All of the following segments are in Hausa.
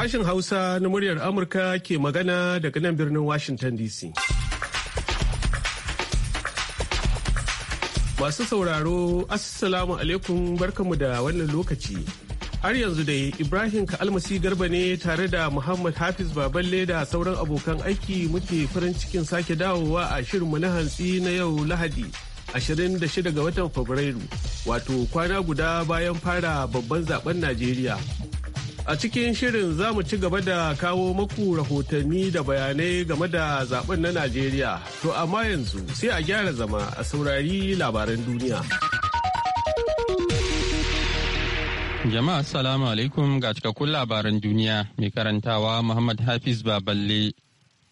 Sashen Hausa na muryar Amurka ke magana daga nan birnin Washington DC. Masu sauraro, Assalamu alaikum barkamu da wannan lokaci. Har yanzu dai Ibrahim Ka'almasi Garba ne tare da Muhammad Hafiz Baballe da sauran abokan aiki muke farin cikin sake dawowa a shirinmu na hantsi na yau Lahadi. 26 ga watan Fabrairu, wato kwana guda bayan fara babban zaben Najeriya. A cikin shirin za mu ci gaba da kawo maku rahotanni da bayanai game da zaben na Najeriya. To amma yanzu sai a gyara zama a saurari labaran duniya. Jama'a salamu alaikum ga cikakkun labaran duniya mai karantawa Muhammad Hafiz Baballe.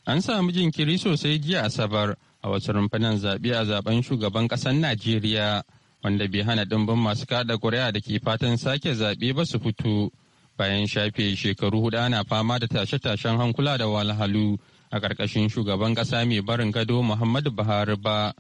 An samu jinkiri sosai jiya Asabar a wasu rumfunan zaɓe a zaben shugaban ƙasar Najeriya wanda bai hana dimbin masu kada ƙuri'a da ke fatan sake zaɓe ba su fito. bayan shafe shekaru hudu ana fama da tashe-tashen hankula da walhalu a ƙarƙashin shugaban ƙasa mai barin gado muhammadu buhari ba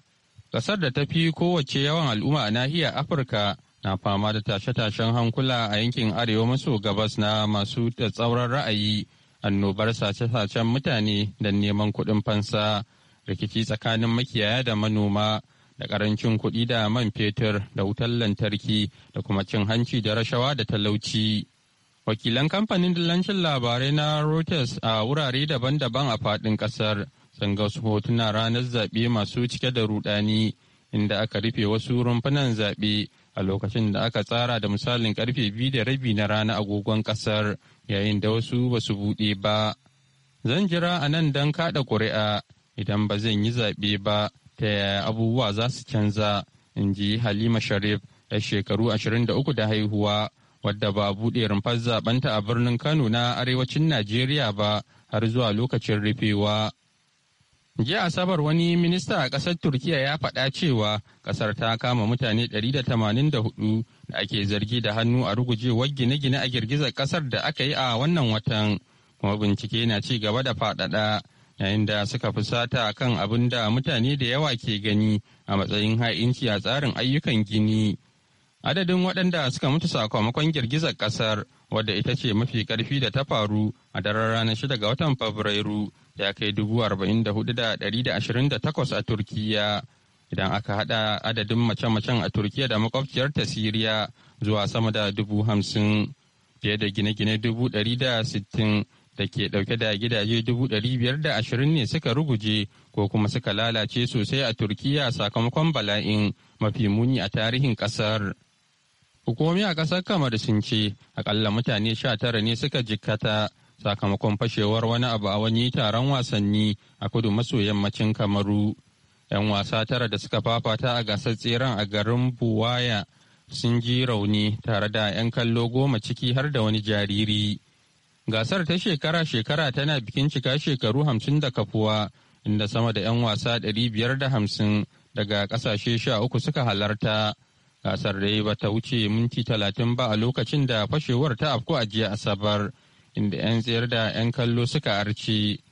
ƙasar da ta fi kowace yawan al'umma a nahiyar afirka na fama da tashe-tashen hankula a yankin arewa maso gabas na masu tsauran ra'ayi annobar sace-sacen mutane da neman kuɗin fansa rikici tsakanin makiyaya da manoma da ƙarancin kuɗi da man fetur da wutar lantarki da kuma cin hanci da rashawa da talauci. Wakilan kamfanin dillancin labarai na Reuters a wurare daban-daban a faɗin ƙasar sun ga su hotuna ranar zaɓe masu cike da rudani inda aka rufe wasu rumfunan zaɓe a lokacin da aka tsara da misalin karfe biyu da rabi na rana agogon ƙasar yayin da wasu ba su buɗe ba. Zan jira a nan don kaɗa ƙuri'a idan ba zan yi zaɓe ba ta yaya abubuwa za su canza in ji Halima Sharif 'yar shekaru ashirin da uku da haihuwa wadda ba buɗe rumfar zaɓenta a birnin Kano na arewacin Najeriya ba har zuwa lokacin rufewa. Jiya Asabar wani minista a ƙasar Turkiya ya faɗa cewa ƙasar ta kama mutane 184 da ake zargi da hannu a rugujewar gine-gine a girgizar ƙasar da aka yi a wannan watan, kuma bincike na ci gaba da faɗaɗa yayin da suka fusata kan abin da mutane da yawa ke gani a matsayin ha'inci a tsarin ayyukan gini. Adadin waɗanda suka mutu sakamakon girgizar ƙasar wadda ita ce mafi ƙarfi da ta faru a daren ranar 6 ga watan Fabrairu ya kai 44,128 a Turkiyya. Idan aka haɗa adadin mace-macen a Turkiyya da makwabciyarta Siriya zuwa sama da dubu hamsin fiye da gine-gine dubu da ke ɗauke da gidaje dubu biyar da ashirin ne suka ruguje ko kuma suka lalace sosai a turkiya sakamakon bala'in mafi muni a tarihin ƙasar Hukumomi a ƙasar Kamar sun ce akalla mutane sha tara ne suka jikkata sakamakon fashewar wani abu a wani taron wasanni a kudu maso yammacin Kamaru. 'Yan wasa tara da suka fafata a gasar tseren a garin Buwaya sun ji rauni tare da 'yan kallo goma ciki har da wani jariri. Gasar ta shekara-shekara tana bikin cika shekaru hamsin da kafuwa, inda sama da 'yan wasa ɗari biyar 550 daga ƙasashe sha uku suka halarta. gasar da ba ta wuce minti talatin ba a lokacin da fashewar ta afku a jiya asabar inda 'yan tsayar da 'yan kallo suka arci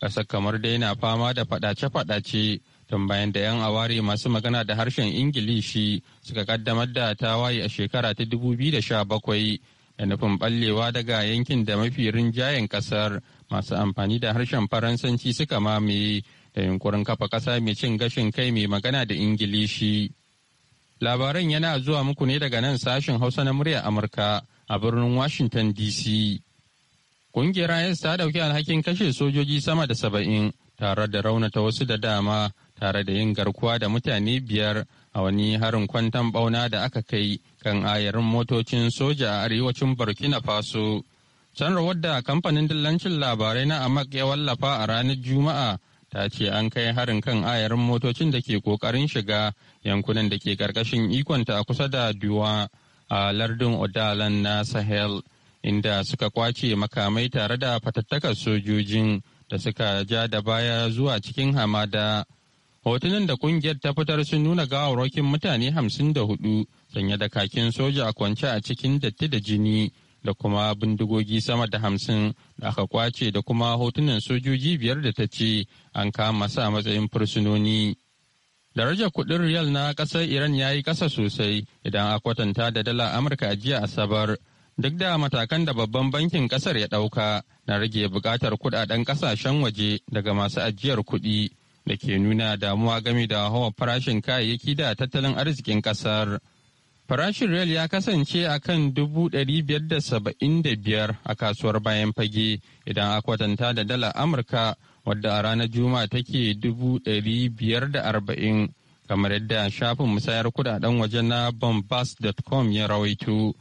gasar kamar dai na fama da fadace-fadace tun bayan da 'yan aware masu magana da harshen ingilishi suka kaddamar da tawaye a shekara ta dubu biyu da sha bakwai da nufin ballewa daga yankin da mafi rinjayen kasar masu amfani da harshen faransanci suka mamaye da yunkurin kafa kasa mai cin gashin kai mai magana da ingilishi. Labaran yana zuwa muku ne daga nan sashen Hausa na muryar Amurka a birnin Washington DC. Ƙungiyar IS ta ɗauki alhakin kashe sojoji sama da saba'in tare da raunata wasu da dama tare da yin garkuwa da mutane biyar a wani harin kwantan bauna da aka kai kan ayarin motocin soja a arewacin Burkina Faso. sanarwar da kamfanin dillancin labarai na amak ya wallafa a ranar juma'a ta ce an kai harin kan ayarin motocin da ke kokarin shiga yankunan da ke karkashin ikonta a kusa da duwa a lardin odalan na sahel inda suka kwace makamai tare da fatattakar sojojin da suka ja da baya zuwa cikin hamada hotunan da kungiyar ta fitar sun nuna gawarwakin mutane hamsin da hudu sanye da kakin soja a kwance a cikin datti da jini da kuma bindigogi sama da hamsin da aka kwace da kuma hotunan sojoji biyar da ta ce an kama sa matsayin fursunoni. Darajar kuɗin riyal na ƙasar Iran ya yi ƙasa sosai idan a kwatanta da dala Amurka a jiya Asabar. Duk da matakan da babban bankin ƙasar ya ɗauka na rage buƙatar kuɗaɗen ƙasashen waje daga masu ajiyar kuɗi da ke nuna damuwa game da hawa farashin kayayyaki da tattalin arzikin ƙasar. Farashin rel ya kasance a kan biyar a kasuwar bayan fage idan a kwatanta da dala Amurka wadda a ranar juma take arba'in kamar yadda shafin musayar kudaden waje na bombas.com ya rawaito.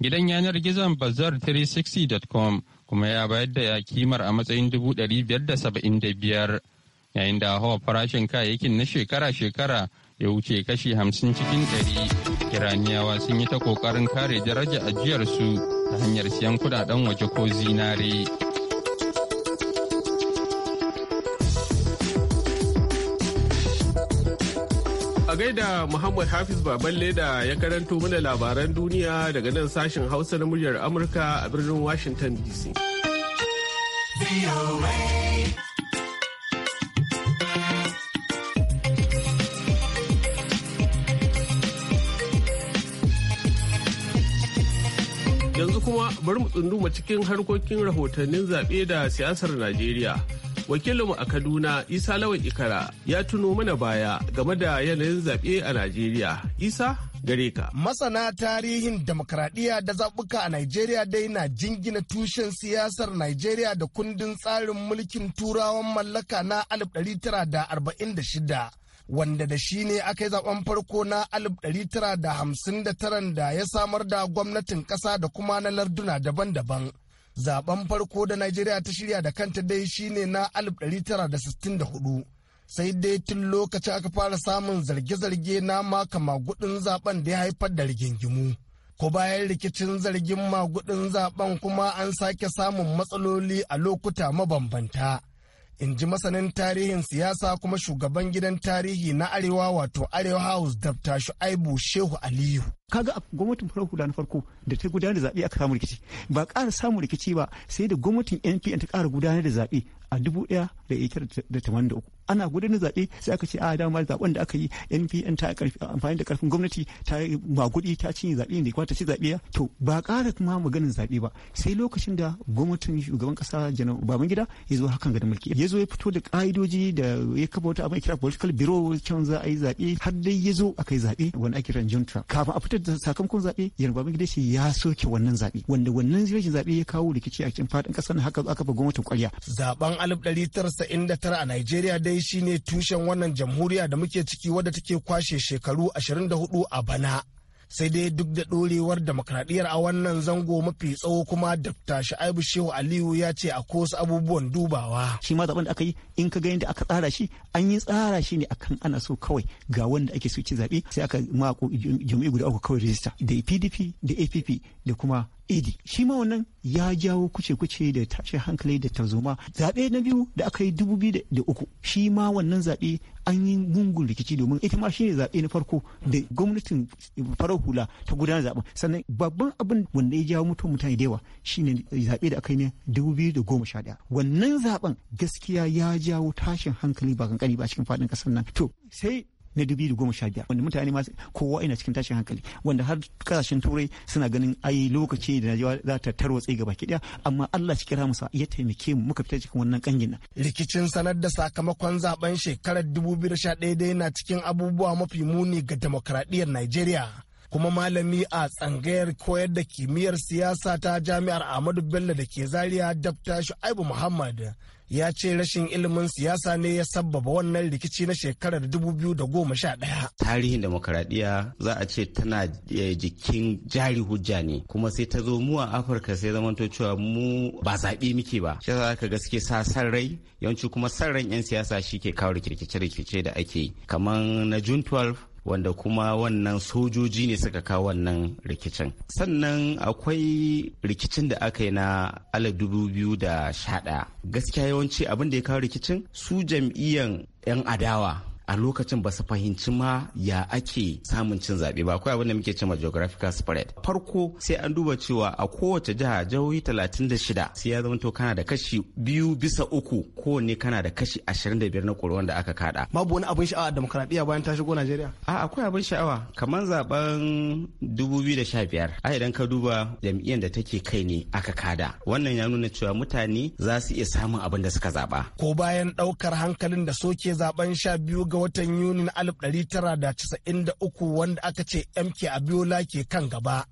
Gidan yanar gizon bazar 360com kuma ya bayar da kimar a matsayin biyar yayin da hawa farashin kayayyakin na shekara-shekara ya wuce kashi hamsin cikin ɗari. Iraniyawa sun yi ta kokarin kare daraja ajiyarsu ta hanyar siyan kudaden waje ko zinare. A gaida Muhammad Hafiz Baballe leda ya karanto mana labaran duniya daga nan sashen Hausa na muryar Amurka a birnin Washington DC. yanzu kuma bari mu tsunduma cikin harkokin rahotannin zaɓe da siyasar Najeriya. Wakilinmu a Kaduna Isa Lawan Ikara ya tuno mana baya game da yanayin zaɓe a Najeriya. Isa gare ka. Masana tarihin demokradiyya da zaɓuka a Najeriya dai na jingina tushen siyasar Najeriya da kundin tsarin mulkin turawan mallaka na 1946. wanda da shi ne aka yi zaben farko na 1959 da ya samar da gwamnatin ƙasa da kuma na larduna daban-daban. Zaben farko da Najeriya ta shirya da kanta dai shi ne na 1964. Sai dai tun lokacin aka fara samun zarge-zarge na makama gudun zaben da ya haifar da rigingimu. ko bayan rikicin zargin magudin zaben kuma an sake samun matsaloli a lokuta mabambanta. in ji masanin tarihin siyasa kuma shugaban gidan tarihi na arewa wato arewa house Dr shu'aibu shehu aliyu kaga a gwamnatin farar hula na farko da ta gudanar da zaɓe aka samu rikici ba ƙara samun rikici ba sai da gwamnatin npn ta ƙara gudanar da zaɓe a dubu ɗaya da da tamanin da uku ana gudanar da zaɓe sai aka ce a dama zaɓen da aka yi npn ta amfani da ƙarfin gwamnati ta magudi ta cinye zaɓe da kuma ci zaɓe to ba ƙara kuma maganin zaɓe ba sai lokacin da gwamnatin shugaban ƙasa janar gida ya zo hakan ga da mulki ya zo ya fito da ƙa'idoji da ya kafa wata abin kira political bureau can za a yi zaɓe har dai ya zo aka yi zaɓe wani ake ran junta kafin a tabbatar da sakamakon zaɓe yarba babangida ce ya soke wannan zaɓe wanda wannan rashin zaɓe ya kawo rikici a cikin faɗin ƙasar haka aka fa gwamnatin ƙwarya. zaben tara a Najeriya dai shine tushen wannan jamhuriya da muke ciki wadda take kwashe shekaru ashirin da 24 a bana. sai dai duk da ɗorewar demokradiyyar a wannan zango mafi tsawo kuma dafta sha'aibu shehu aliyu ya ce a kosu abubuwan dubawa shi ma zaben da aka yi in ka ga yadda aka tsara shi an yi tsara shi ne akan ana so kawai ga wanda ake so ci zaɓe sai aka mako jami'i guda uku kawai rijista da pdp da app da kuma edi shi ma wannan ya jawo kuce-kuce da tashin hankali da tarzoma zaɓe na biyu da aka yi dubu biyu da uku shi ma wannan zaɓe an yi gungun rikici domin ita ma shine zaɓe na farko da gwamnatin farar hula ta gudanar zaɓen sannan babban abin wanda ya jawo mutum mutane da yawa shine zaɓe da aka yi ne dubu biyu da goma sha ɗaya wannan zaɓen gaskiya ya jawo tashin hankali ba kankani ba cikin faɗin ƙasar nan to sai na 2015 wanda mutane ma kowa yana cikin tashin hankali wanda har kasashen turai suna ganin ai lokaci da najeriya za ta tarwatse gaba ki daya amma allah cikin musa ya taimake mu muka fita cikin wannan kangin nan rikicin sanar da sakamakon zaben shekarar 2011 dai na cikin abubuwa mafi muni ga demokradiyyar najeriya kuma malami a tsangayar koyar da kimiyyar siyasa ta jami'ar ahmadu bello da ke zariya dabta shu'aibu muhammad ya ce rashin ilimin siyasa ne ya sabbaba wannan rikici na shekarar 2011. Tarihin demokaradiyya za a ce tana eh, jikin jari hujja ne kuma sai ta zo mu a Afirka sai zamanto cewa mu ba zaɓe muke ba. Shi za ka gaske sa san rai yawanci kuma san ran 'yan siyasa shi ke kawo rikice-rikice da ake yi. Kamar na June 12 wanda kuma wannan sojoji ne suka kawo wannan rikicin sannan akwai rikicin da aka yi na ala dubu biyu da sha gaskiya yawanci abinda ya kawo rikicin su jam'iyyan 'yan adawa a lokacin ba su fahimci ma ya ake samun cin zaɓe ba akwai abin da muke cewa geographical spread farko sai an duba cewa a kowace jiha jihohi 36 sai ya zama to kana da kashi biyu bisa uku kowanne kana da kashi 25 na ƙuri'un da aka kada babu wani abin sha'awa demokradiyya bayan ta shigo Najeriya a akwai abin sha'awa kamar zaben 2015 a idan ka duba jam'iyyar da take kai ne aka kada wannan ya nuna cewa mutane za su iya samun abin da suka zaba ko bayan ɗaukar hankalin da soke zaben sha biyu ga watan yuni na 1993 wanda aka ce MK Abiola ke kan gaba.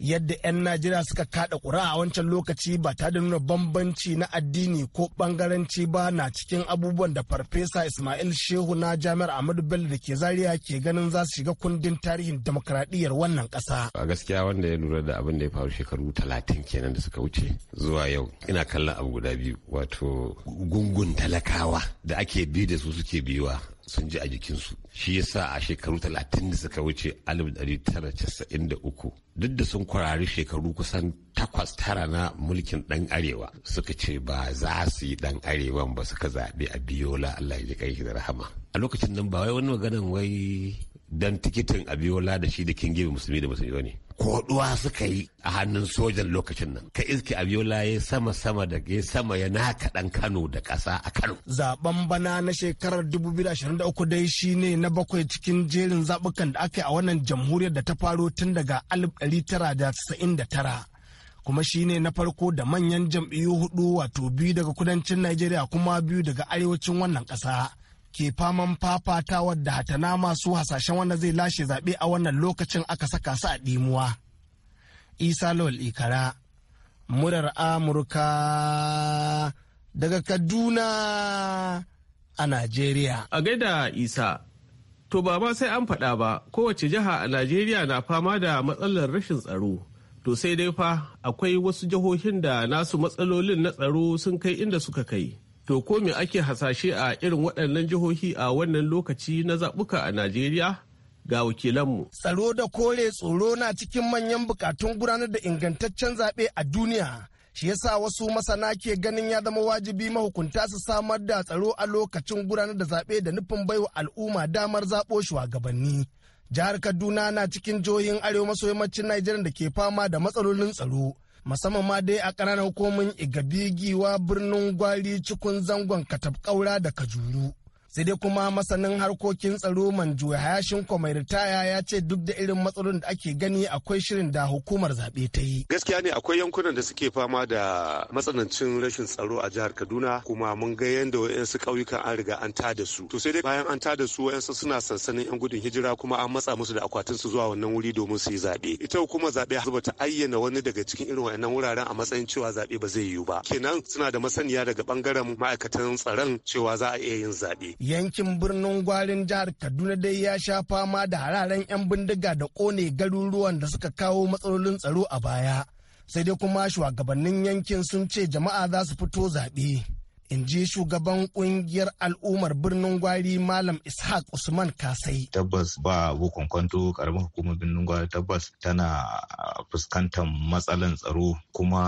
Yadda 'yan Najeriya suka kada kura a wancan lokaci ba ta da nuna bambanci na addini ko bangaranci ba na cikin abubuwan da Farfesa Ismail Shehu na Jami'ar Ahmadu Bello da ke Zaria ke ganin za su shiga kundin tarihin demokradiyyar wannan kasa. A gaskiya wanda ya lura da abin da ya faru shekaru talatin kenan da suka wuce zuwa yau ina kallon abu guda biyu wato gungun talakawa da ake bi da su suke biyuwa sun ji a jikinsu shi yasa a shekaru talatin da suka wuce 1993 duk da sun kwarari shekaru kusan takwas tara na mulkin dan arewa suka ce ba za su yi dan arewan ba suka zaɓi a biyola allah ya ji kai da rahama a lokacin nan ba wai wani maganan wai don tikitin abiola da shi da kingibe musulmi da musulmi ne koduwa suka yi a hannun sojan lokacin nan ka iske abiola ya sama sama da ya sama ya na kaɗan kano da ƙasa a kano zaben bana na shekarar 2023 dai shine na bakwai cikin jerin zaɓukan da aka yi a wannan jamhuriyar da ta faro tun daga 1999 kuma shine na farko da manyan jam'iyyu hudu wato biyu daga kudancin Najeriya kuma biyu daga arewacin wannan ƙasa ke faman fafatawa da hatana masu hasashen wanda zai lashe zaɓe a wannan lokacin aka saka su a ɗimuwa. Isa Lawal Ikara, murar Amurka daga Kaduna a Najeriya. A gaida Isa, to ba ma sai an faɗa ba, kowace jiha a Najeriya na fama da matsalar rashin tsaro. To sai dai fa akwai wasu jihohin da nasu matsalolin na tsaro sun kai inda suka kai. To ko me ake hasashe a irin waɗannan jihohi a wannan lokaci na zaɓuka a Najeriya? Ga wakilanmu. Tsaro da kore tsoro na cikin manyan bukatun gudanar da ingantaccen zaɓe a duniya. shi yasa wasu masana ke ganin ya zama wajibi mahukunta su samar da tsaro a lokacin gudanar da zaɓe da nufin baiwa al'umma damar zaɓo shugabanni. Jihar Kaduna na cikin jihohin arewa maso yammacin Najeriya da ke fama da matsalolin tsaro. musamman ma dai a ƙananan komin igabigiwa birnin gwari cikin zangon katabkaura da kajuru sai dai kuma masanin harkokin tsaro manju hayashin mai ritaya ya ce duk da irin matsalolin da ake gani akwai shirin da hukumar zaɓe ta yi gaskiya ne akwai yankunan da suke fama da matsanancin rashin tsaro a jihar kaduna kuma mun ga yadda wayansu ƙauyukan an riga an da su to sai dai bayan an da su wayansu suna sansanin yan gudun hijira kuma an matsa musu da akwatin su zuwa wannan wuri domin su yi zaɓe ita hukumar zaɓe a ta ayyana wani daga cikin irin wayannan wuraren a matsayin cewa zaɓe ba zai yiwu ba kenan suna da masaniya daga ɓangaren ma'aikatan tsaron cewa za a iya yin zaɓe yankin birnin gwarin jihar kaduna dai ya sha fama da hararen 'yan bindiga da kone garuruwan da suka kawo matsalolin tsaro a baya sai dai kuma shugabannin yankin sun ce jama'a za su fito zaɓe in ji shugaban kungiyar al'ummar birnin gwari malam ishaq usman kasai tabbas ba bukon kwanto karamin hukumar birnin gwari tabbas tana fuskantar matsalan tsaro kuma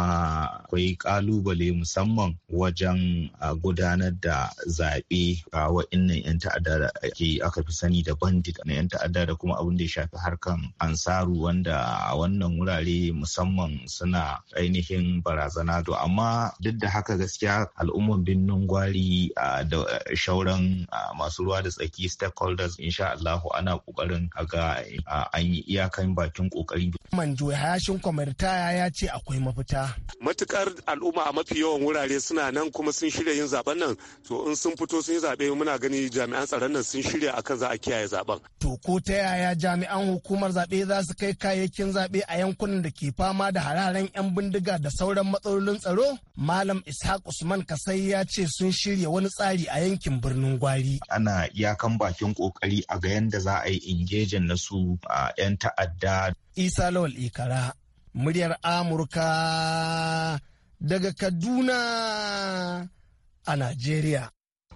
akwai kalubale musamman wajen gudanar da zaɓe a wa'innan 'yan ta'adda da ke aka fi sani da bandit na 'yan ta'adda da kuma abin da ya shafi harkan ansaru wanda a wannan wurare musamman suna ainihin barazana to amma duk da haka gaskiya al'ummar birnin gwari da shauran masu ruwa da tsaki stakeholders insha Allah ana kokarin haka an yi iyakan bakin kokari. Manjo Hayashin kwamitaya ya ce akwai mafita. Matukar al'umma a mafi yawan wurare suna nan kuma sun shirya yin zaben nan to in sun fito sun yi zabe muna gani jami'an tsaron nan sun shirya akan za a kiyaye zaben. To ko ta yaya jami'an hukumar zaɓe za su kai kayayyakin zaɓe a yankunan da ke fama da hararen 'yan bindiga da sauran matsalolin tsaro? Malam Ishaq Usman Kasai ya ya ce sun shirya wani tsari a yankin birnin gwari ana iyakan bakin kokari a ga yadda za a yi ingejin na su a 'yan ta'adda isa lawal ikara muryar amurka daga kaduna a najeriya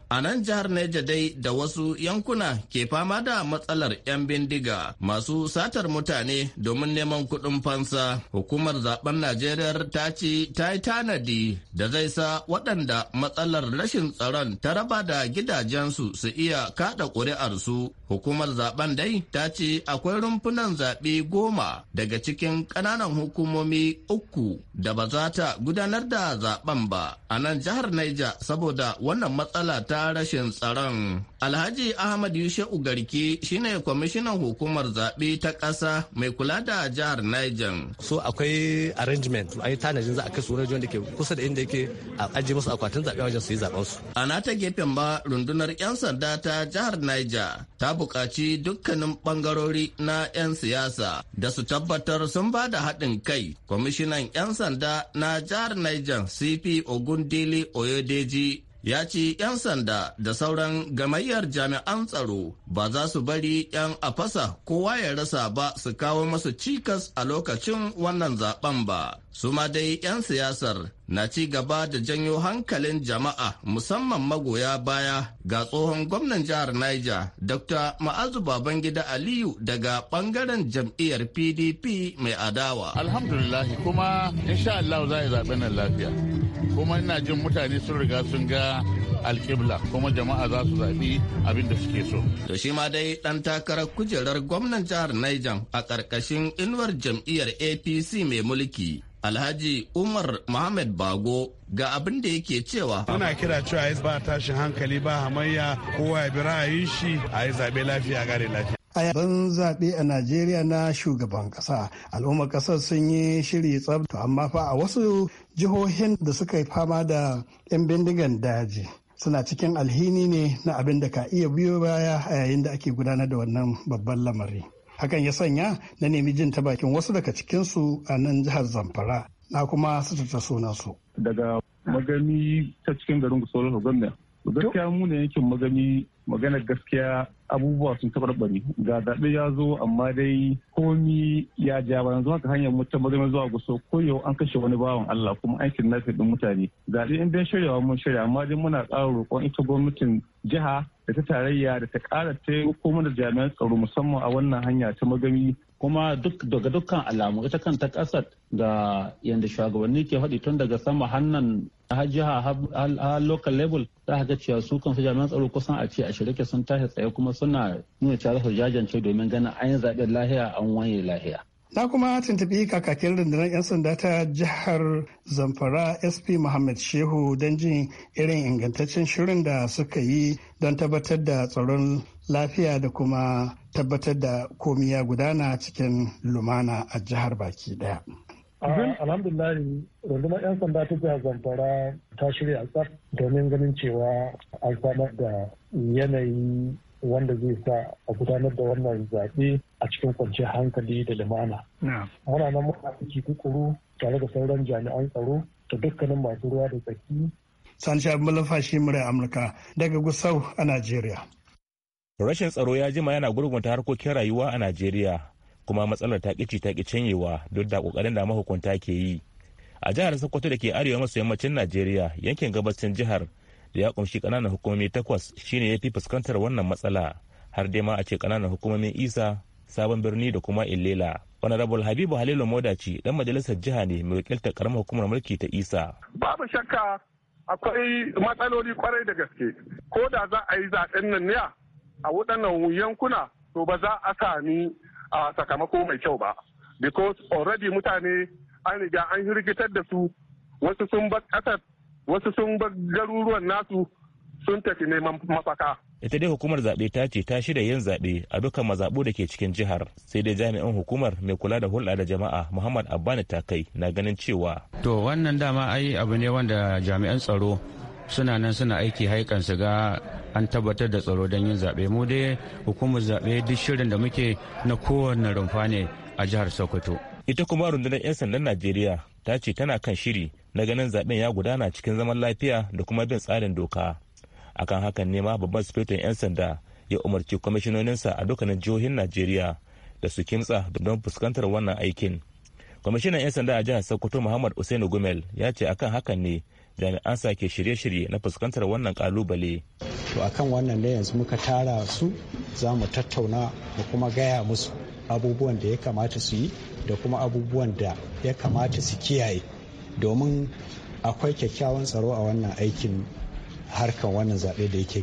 A nan jihar Neja dai da wasu yankuna ke fama da matsalar 'yan bindiga masu satar mutane domin neman kuɗin fansa. Hukumar zaben Najeriya ta ce ta yi tanadi da zai sa waɗanda matsalar rashin tsaron ta raba da gidajensu su iya kada ƙuri'arsu Hukumar zaben dai ta ce akwai rumfunan zaɓe goma daga cikin ƙananan hukumomi uku da ba za ta gudanar da zaben ba a nan jihar Niger saboda wannan matsala ta rashin tsaron. Alhaji Ahmad Yushe'u Garki shine kwamishinan hukumar zaɓe ta ƙasa mai kula da jihar Niger. So akwai arrangement an yi tanajin za a kai sunan da ke kusa da inda yake a ajiye musu akwatin zaɓe wajen su yi zaɓen su. A nata gefen ba rundunar 'yan sanda ta jihar Niger ta buƙaci dukkanin ɓangarori na 'yan siyasa da su tabbatar sun ba da haɗin kai. Kwamishinan 'yan sanda na jihar Niger CP Ogundili Oyedeji ya ce 'yan sanda da sauran gamayyar jami'an tsaro ba za su bari 'yan afasa kowa ya rasa ba su kawo masu cikas a lokacin wannan zaben ba su ma dai 'yan siyasar na ci gaba da janyo hankalin jama'a musamman magoya baya ga tsohon gwamnan jihar niger dr ma'azu babangida aliyu daga bangaren jam'iyyar pdp mai adawa alhamdulillah kuma insha za a zaɓi nan lafiya kuma ina jin mutane sun riga sun ga alkibla kuma jama'a za su zaɓi abin da suke so. To shi ma dai ɗan takarar kujerar gwamnan jihar Niger a ƙarƙashin inuwar jam'iyyar APC mai mulki Alhaji Umar Mohamed Bago ga abin da yake cewa. Muna kira cewa ba tashin hankali ba hamayya kowa ya bi ra'ayin shi a yi zaɓe lafiya gare lafiya. a yaban zaɓe a najeriya na shugaban ƙasa al'ummar ƙasar sun yi shiri tsabta amma fa a wasu jihohin da suka yi fama da 'yan bindigan daji suna cikin alhini ne na abin da ka iya biyo baya a yayin da ake gudanar da wannan babban lamari hakan ya sanya na nemi jin ta bakin wasu daga cikinsu a nan jihar zamfara na kuma sututa sunansu daga magami ta cikin garin gusolar gwamna gaskiya mu ne yankin magami maganar gaskiya abubuwa sun tabarbare ga zaɓe ya zo amma dai komi ya ja ba yanzu haka hanyar mutum mazamin zuwa guso ko yau an kashe wani bawan Allah kuma aikin na ɗin mutane zaɓe in dai shiryawa mun shirya amma dai muna ƙara roƙon ita gwamnatin jiha da ta tarayya da ta ƙara taimako mana jami'an tsaro musamman a wannan hanya ta magami kuma duk daga dukkan alamu ita kanta ƙasar da yadda shugabanni ke faɗi tun daga sama hannan har jiha a local level za ga cewa su kansu jami'an tsaro kusan a ce a shirike sun tashi tsaye kuma suna nuna cewa su jajance domin ganin an yi zaɓen lahiya an waye lahiya. Na kuma tuntubi kakakin rundunar 'yan sanda ta jihar Zamfara SP Muhammad Shehu don jin irin ingantaccen shirin da suka yi don tabbatar da tsaron lafiya da kuma tabbatar da komi ya gudana cikin lumana a jihar baki daya. Mhm. Alhamdulillah rundunar 'yan sanda ta jihar Zamfara ta shirya tsaf domin ganin cewa an samar da yanayi wanda zai sa a gudanar da wannan zaɓe a cikin kwanciyar hankali da limana. Muna nan muka aiki kukuru tare da sauran jami'an tsaro da dukkanin masu ruwa da tsaki. Sanshi Malafashi Murai Amurka daga Gusau a Najeriya. Rashin tsaro ya jima yana gurgunta harkokin rayuwa a Najeriya. kuma matsalar ta kici ta cinyewa duk da ƙoƙarin da mahukunta ke yi a jihar sokoto da ke arewa maso yammacin najeriya yankin gabashin jihar da ya kunshi kananan hukumomi takwas shine ya fi fuskantar wannan matsala har dai ma a ce kananan hukumomin isa sabon birni da kuma illela honorable habibu halilu modaci dan majalisar jiha ne mai wakiltar karamar hukumar mulki ta isa babu shakka akwai matsaloli kwarai da gaske ko da za a yi zaɓen nan ne a waɗannan yankuna to ba za a sami a sakamako mai kyau ba because already mutane an riga an hirgitar da su wasu sun bar ƙasar wasu sun bar garuruwan nasu sun tafi neman mafaka ita dai hukumar zaɓe ta ce ta shirya yin zaɓe a dukkan mazaɓu da ke cikin jihar sai dai jami'in hukumar mai kula da hulɗa da jama'a muhammad abbani takai na ganin cewa to wannan dama ai abu ne wanda jami'an tsaro suna nan suna aiki haikan su ga an tabbatar da tsaro don yin zaɓe mu dai hukumar zaɓe duk shirin da muke na kowane rumfa ne a jihar sokoto ita kuma rundunar 'yan sandan najeriya ta ce tana kan shiri na ganin zaɓen ya gudana cikin zaman lafiya da kuma bin tsarin doka akan hakan ne ma babban sufetin 'yan sanda ya umarci kwamishinoninsa a dukkanin jihohin najeriya da su kimtsa don fuskantar wannan aikin kwamishinan 'yan sanda a jihar sokoto muhammad usainu gumel ya ce akan hakan ne jami'an sa ke shirye-shirye na fuskantar wannan kalubale to a kan wannan ne yanzu muka tara su za mu tattauna da kuma gaya musu abubuwan da ya kamata su yi da kuma abubuwan da ya kamata su kiyaye domin akwai kyakkyawan tsaro a wannan aikin harkan wannan zaɓe da yake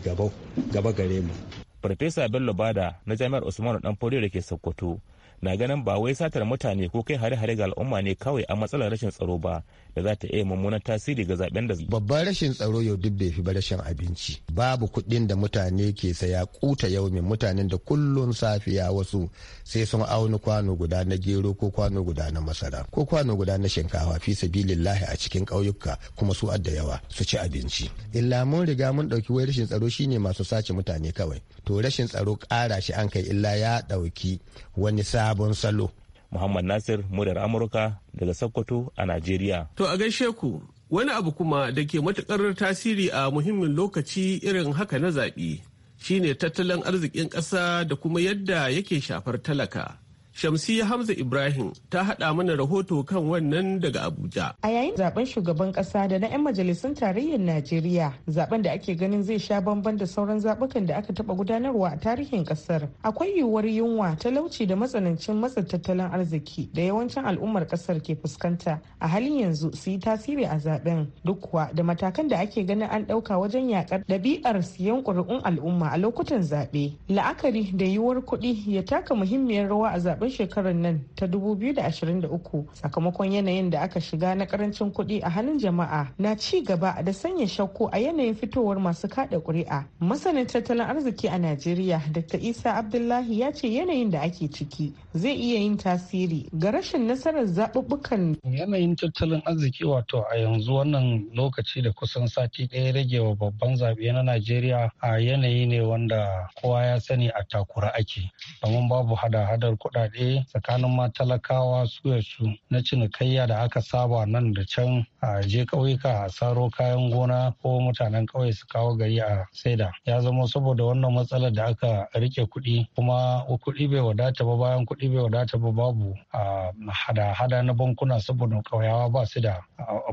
gaba gare mu farfesa bello bada na jami'ar usmanu dan da ke sokoto na ganin ba wai satar mutane ko kai hare-hare ga al'umma ne kawai a matsalar rashin tsaro ba da za ta iya mummunan tasiri ga zaben da babban rashin tsaro yau duk bai fi ba rashin abinci babu kuɗin da mutane ke saya kuta yau mai mutanen da kullun safiya wasu sai sun auni kwano guda na gero ko kwano guda na masara ko kwano guda na shinkafa fi sabilillahi a cikin ƙauyuka kuma su adda yawa su ci abinci illa mun riga mun ɗauki wai rashin tsaro shine masu sace mutane kawai to rashin tsaro ƙara shi an kai illa ya ɗauki wani sa sabon salo. Muhammad Nasir muryar Amurka daga Sokoto a Najeriya. To a gaishe ku wani abu kuma da ke matukar tasiri a muhimmin lokaci irin haka na zaɓi shine tattalin arzikin ƙasa da kuma yadda yake shafar talaka. Shamsiyya Hamza Ibrahim ta haɗa mana rahoto kan wannan daga Abuja. A yayin zaben shugaban ƙasa da na 'yan majalisun tarayyar Najeriya, zaben da ake ganin zai sha bamban da sauran zabukan da aka taɓa gudanarwa a tarihin ƙasar. Akwai yiwuwar yunwa, talauci da matsanancin matsa tattalin arziki da yawancin al'ummar ƙasar ke fuskanta a halin yanzu su yi tasiri a zaben duk kuwa da matakan da ake ganin an ɗauka wajen yakar ɗabi'ar siyan ƙuri'un al'umma a lokutan zaɓe. La'akari da yiwuwar kuɗi ya taka muhimmiyar rawa a zaben zaben shekarar nan ta 2023 sakamakon yanayin da aka shiga na karancin kuɗi a hannun jama'a na ci gaba da sanya shakku a yanayin fitowar masu kaɗa ƙuri'a. Masanin tattalin arziki a Najeriya Dr. Isa Abdullahi ya ce yanayin da ake ciki zai iya yin tasiri ga rashin nasarar zaɓuɓɓukan. Yanayin tattalin arziki wato a yanzu wannan lokaci da kusan sati ɗaya ragewa babban zaɓe na Najeriya a yanayi ne wanda kowa ya sani a takura ake domin babu hada-hadar kuɗaɗe kuɗaɗe tsakanin matalakawa su da su na cinikayya da aka saba nan da can a je ƙauyuka a saro kayan gona ko mutanen ƙauye su kawo gari a saida ya zama saboda wannan matsalar da aka rike kuɗi kuma kuɗi bai wadata ba bayan kuɗi bai wadata ba babu a hada-hada na bankuna saboda ƙauyawa ba su da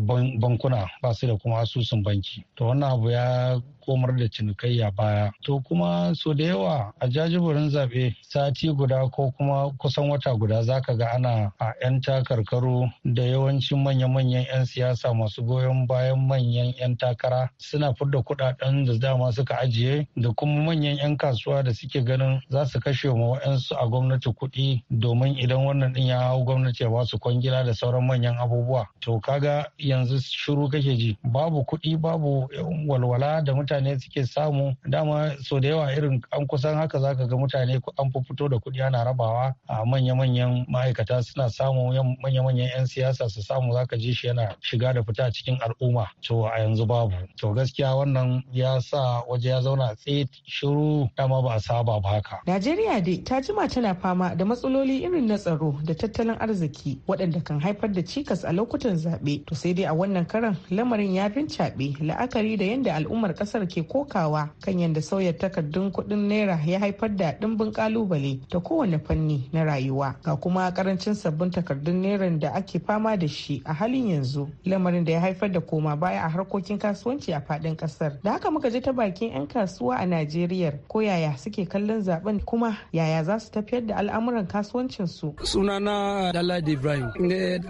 bankuna ba su da kuma asusun banki to wannan abu ya komar da cinikayya baya to kuma so da yawa a jajiburin zaɓe sati guda ko kuma kusan wata guda zaka ga ana a 'yan takarkaru da yawancin manya-manyan 'yan siyasa sa masu goyon bayan manyan 'yan takara suna fidda kudaden da dama suka ajiye da kuma manyan 'yan kasuwa da suke ganin za su kashe wa wa'yansu a gwamnati kuɗi domin idan wannan din ya hau gwamnati ba su kwangila da sauran manyan abubuwa to kaga yanzu shiru kake ji babu kuɗi babu walwala da mutane suke samu dama so da yawa irin an kusan haka zaka ga mutane an fi fito da kuɗi ana rabawa a manya-manyan ma'aikata suna samu manya-manyan 'yan siyasa su samu zaka ji shi yana shiga da fita cikin al'umma to a yanzu babu to gaskiya wannan ya sa waje ya zauna tsit shiru dama ba a saba ba haka najeriya dai ta jima tana fama da matsaloli irin na tsaro da tattalin arziki waɗanda kan haifar da cikas a lokutan zaɓe to sai dai a wannan karan lamarin ya caɓe la'akari da yadda al'ummar ƙasar ke kokawa kan yadda sauya takardun kuɗin naira ya haifar da ɗimbin ƙalubale ta kowane fanni na rayuwa ga kuma ƙarancin sabbin takardun naira da ake fama da shi a halin yanzu lamarin da ya haifar da koma baya a harkokin kasuwanci a fadin kasar da haka muka ji ta bakin 'yan kasuwa a najeriya ko yaya suke kallon zaben kuma yaya za su tafiyar da al'amuran kasuwancin su sunana daladi ibrahim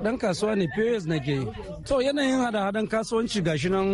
dan kasuwa ne pos nake to yanayin hada-hadan kasuwanci gashi nan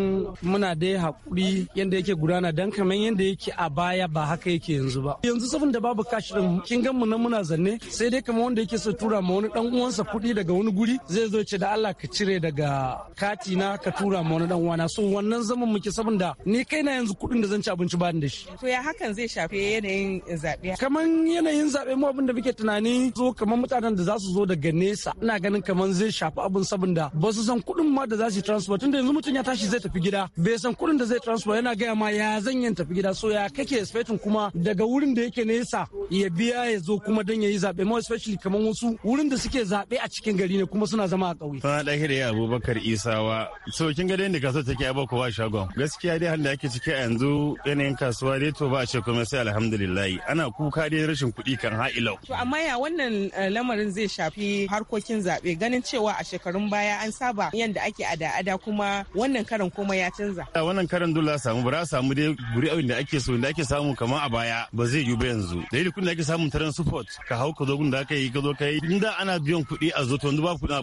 muna dai haƙuri yadda yake gudana dan kamar yadda yake a baya ba haka yake yanzu ba yanzu saboda babu kashi din kin ganmu mu nan muna zanne sai dai kamar wanda yake so tura ma wani dan uwansa kuɗi daga wani guri zai zo ce da Allah ka cire daga kati na ka tura ma wani dan uwana so wannan zaman muke saboda ni kai na yanzu kuɗin da zan ci abinci ba da shi to ya hakan zai shafe yanayin zabe kaman yanayin zaɓe mu abin da muke tunani zo kaman mutanen da za su zo daga nesa ina ganin kaman zai shafi abin saboda ba su san kuɗin ma da za su transfer tunda yanzu mutum ya tashi zai tafi gida bai san kuɗin da zai transfer yana gaya ma ya zan yin tafi gida so ya kake expecting kuma daga wurin da yake nesa ya biya ya zo kuma dan ya yi zaɓe ma especially kamar wasu wurin da suke zaɓe a cikin gari ne kuma suna zama a da hira ya Abubakar isawa so kin ga dai inda kasuwa take abu kowa shagon gaskiya dai halin da ake ciki a yanzu yanayin kasuwa dai to ba a ce komai sai alhamdulillah ana kuka dai rashin kuɗi kan ha'ilau to amma ya wannan eh, lamarin zai shafi harkokin zabe ganin cewa a shekarun baya an saba yadda ake ada-ada kuma wannan karan kuma ya canza a wannan karan dole samu ba za samu dai guri da ake so da ake samu kamar a baya ba zai yiwu ba yanzu da yadda kuɗin da ake samun taron support ka hau ka zo gun da aka yi ka zo ka yi inda ana biyan kuɗi a zo to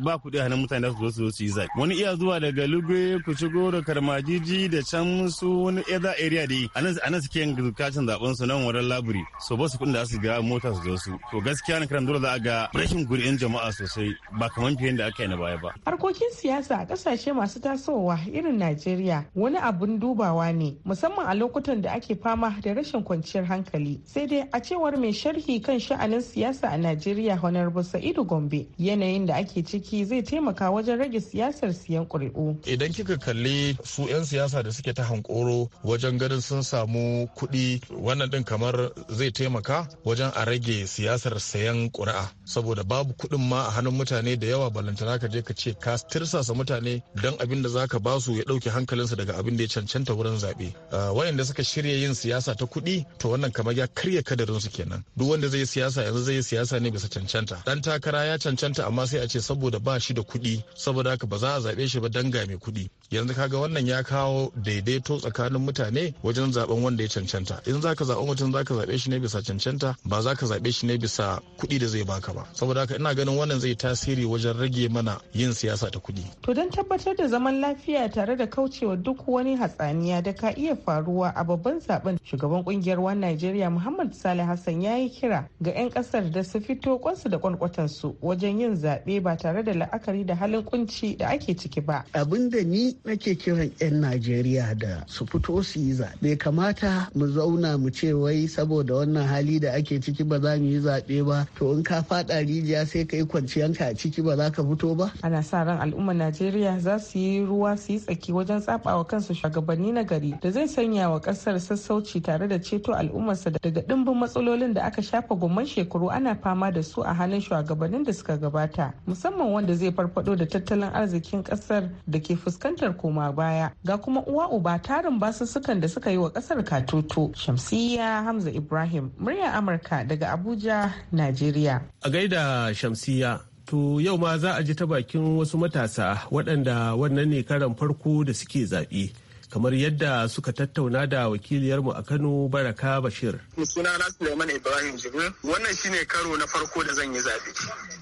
ba kuɗi a hannun mutane da su zo su yi zaɓe ni iya zuwa daga Lugwe, ci da Karmajiji da can su wani eza area dai. a nan suke yin zukacin zaben su nan wurin laburi. So ba su kudin da su ga mota su zo su. To gaskiya na karan dole za a ga rashin gurin jama'a sosai ba kaman fiye da aka yi na baya ba. Harkokin siyasa a kasashe masu tasowa irin Najeriya wani abun dubawa ne musamman a lokutan da ake fama da rashin kwanciyar hankali. Sai dai a cewar mai sharhi kan sha'anin siyasa a Najeriya Honorable Sa'idu Gombe yanayin da ake ciki zai taimaka wajen rage siyasar siyan ƙuri'u. Idan kika kalli su 'yan siyasa da suke ta hankoro wajen ganin sun samu kuɗi wannan din kamar zai taimaka wajen a rage siyasar sayan ƙuri'a saboda babu kuɗin ma a hannun mutane da yawa balantana ka je ka ce ka tirsasa mutane don abin da zaka ba su ya ɗauke hankalinsu daga abin da ya cancanta wurin zaɓe. Ah, Wayanda suka shirya yin siyasa ta kuɗi to wannan kamar ya karya kadarin su kenan. Duk wanda zai yi siyasa yanzu zai yi siyasa ne bisa cancanta. Dan takara ya cancanta amma sai a ce saboda ba shi da kuɗi saboda haka ba za a zaɓe shi ba dan ga mai kuɗi yanzu kaga wannan ya kawo daidaito tsakanin mutane wajen zaɓen wanda ya cancanta in za zaka zaɓi mutum ka zaɓe shi ne bisa cancanta ba za ka zaɓe shi ne bisa kuɗi da zai baka ba saboda haka ina ganin wannan zai tasiri wajen rage mana yin siyasa ta kuɗi to don tabbatar da zaman lafiya tare da kaucewa duk wani hatsaniya da ka iya faruwa a babban zaben shugaban kungiyar wan Najeriya Muhammad Salih Hassan ya yi kira ga 'yan kasar da su fito kwansu da kwankwatansu wajen yin zaɓe ba tare da la'akari da halin kunci da ake ciki ba abin da ni nake kiran 'yan najeriya da su fito su yi zaɓe kamata mu zauna mu ce wai saboda wannan hali da ake ciki ba za mu yi zaɓe ba to in ka faɗa rijiya sai ka yi kwanciyanka a ciki ba za ka fito ba ana sa ran al'ummar najeriya za su yi ruwa su yi tsaki wajen tsabawa kansu shugabanni na gari da zai sanya wa ƙasar sassauci tare da ceto al'ummarsa daga ɗimbin matsalolin da aka shafa gomman shekaru ana fama da su a halin shugabannin da suka gabata musamman wanda zai farfado da tattalin arzikin kasar da ke fuskantar koma baya ga kuma uwa uba tarin basussukan da suka yi wa kasar katoto shamsiya hamza ibrahim murya amurka daga abuja najeriya a gaida shamsiya to yau ma za a ji ta bakin wasu matasa waɗanda wannan ne karan farko da suke zaɓe kamar yadda suka tattauna da wakiliyarmu a Kano Baraka Bashir. na Suleiman Ibrahim Jibril wannan shine karo na farko da zan yi zaɓe.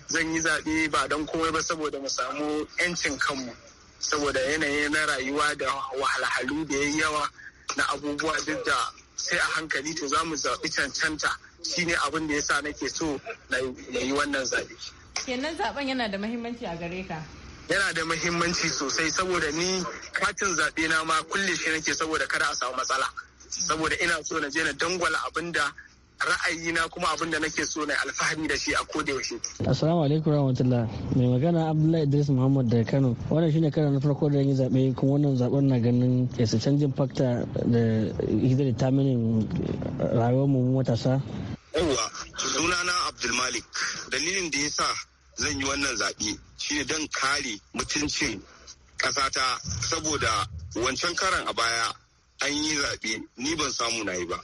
Zan yi zaɓe ba don komai ba saboda mu samu 'yancin kanmu saboda yanayi na rayuwa da wahalhalu da ya yawa na abubuwa duk da sai a hankali to za mu zaɓi cancanta shine abin da ya sa nake so na yi wannan zaɓe. Kenan zaɓen yana da muhimmanci a gare ka. yana da mahimmanci sosai saboda ni katin zaɓe na ma kulle shi nake saboda kada a samu matsala saboda ina so na je na dangwala abinda ra'ayi na kuma abinda nake so na alfahari da shi a yaushe. Assalamu alaikum rahmatullah mai magana Abdullahi Idris Muhammad daga Kano wannan shine kana na farko da yin zaɓe kuma wannan zaɓen na ganin yasa canjin fakta da da taminin eh, rayuwar mu matasa. yawa sunana Abdulmalik dalilin da yasa zan yi wannan zaɓe shine don kare mutuncin ƙasata saboda wancan karan a baya an yi zaɓe ni ban samu na yi ba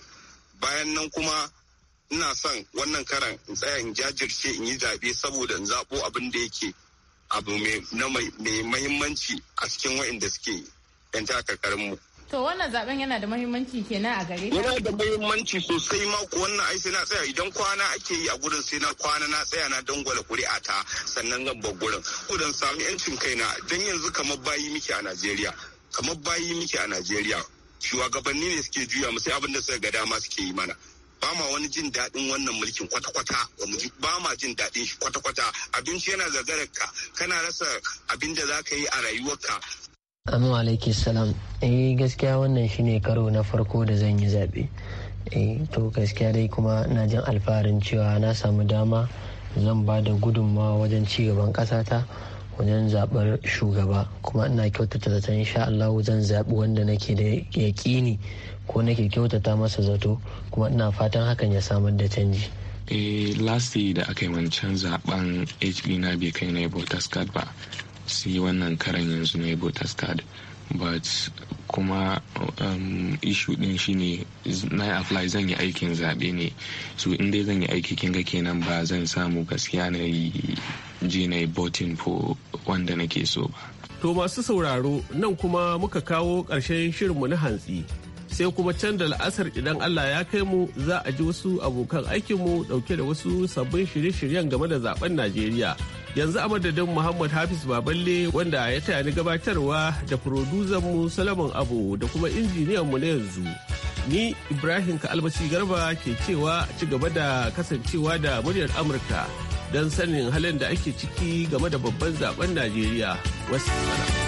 bayan nan kuma ina son wannan karan in tsaya in jajirce in yi zaɓe saboda in zaɓo abin da yake abu mai mahimmanci a cikin waɗanda suke 'yan takarkarinmu To wannan zaben yana da mahimmanci kenan a gare ka. Yana da mahimmanci sosai ma ku wannan ai sai na tsaya idan kwana ake yi a gurin sai na kwana na tsaya na dangwala kuri'a ta sannan zan bar gurin. Kudan sami yancin kaina dan yanzu kamar bayi miki a Najeriya. Kamar bayi miki a Najeriya. Shugabanni ne suke juya mu sai abin da suka ga dama suke yi mana. ba ma wani jin daɗin wannan mulkin kwata-kwata ba ma jin daɗin shi kwata-kwata abinci yana zagarar kana rasa abin da za ka yi a rayuwarka Amma alaiki salam. Eh gaskiya wannan shine karo na farko da zan yi zaɓe. Eh to gaskiya dai kuma na jin alfaharin cewa na samu dama zan ba da gudunmawa wajen ci gaban ƙasata wajen zaɓar shugaba kuma ina kyautata zato insha Allah zan zaɓi wanda nake da yaƙini ko nake kyautata masa zato kuma ina fatan hakan ya samar da canji. eh lasti da aka yi wancan zaben hb na bai kai na voter card ba su yi wannan karan yanzu na voters card but kuma um, ishu din shine na apply zan yi aikin zaɓe ne so in dai zan yi aiki kinga kenan ba zan samu gaskiya na yi je na yi voting for wanda nake so ba to masu sauraro nan kuma muka kawo ƙarshen shirinmu na hantsi sai kuma can da la'asar idan Allah ya kai mu za a ji wasu abokan aikinmu dauke da wasu sabbin shirye-shiryen game da zaben Najeriya. yanzu a madadin muhammad hafiz baballe wanda ya taya ni gabatarwa da mu salamun abu da kuma injiniyan mu na yanzu ni ibrahim kalmasi garba ke cewa ci gaba da kasancewa da muryar amurka don sanin halin da ake ciki game da babban zaben najeriya wasu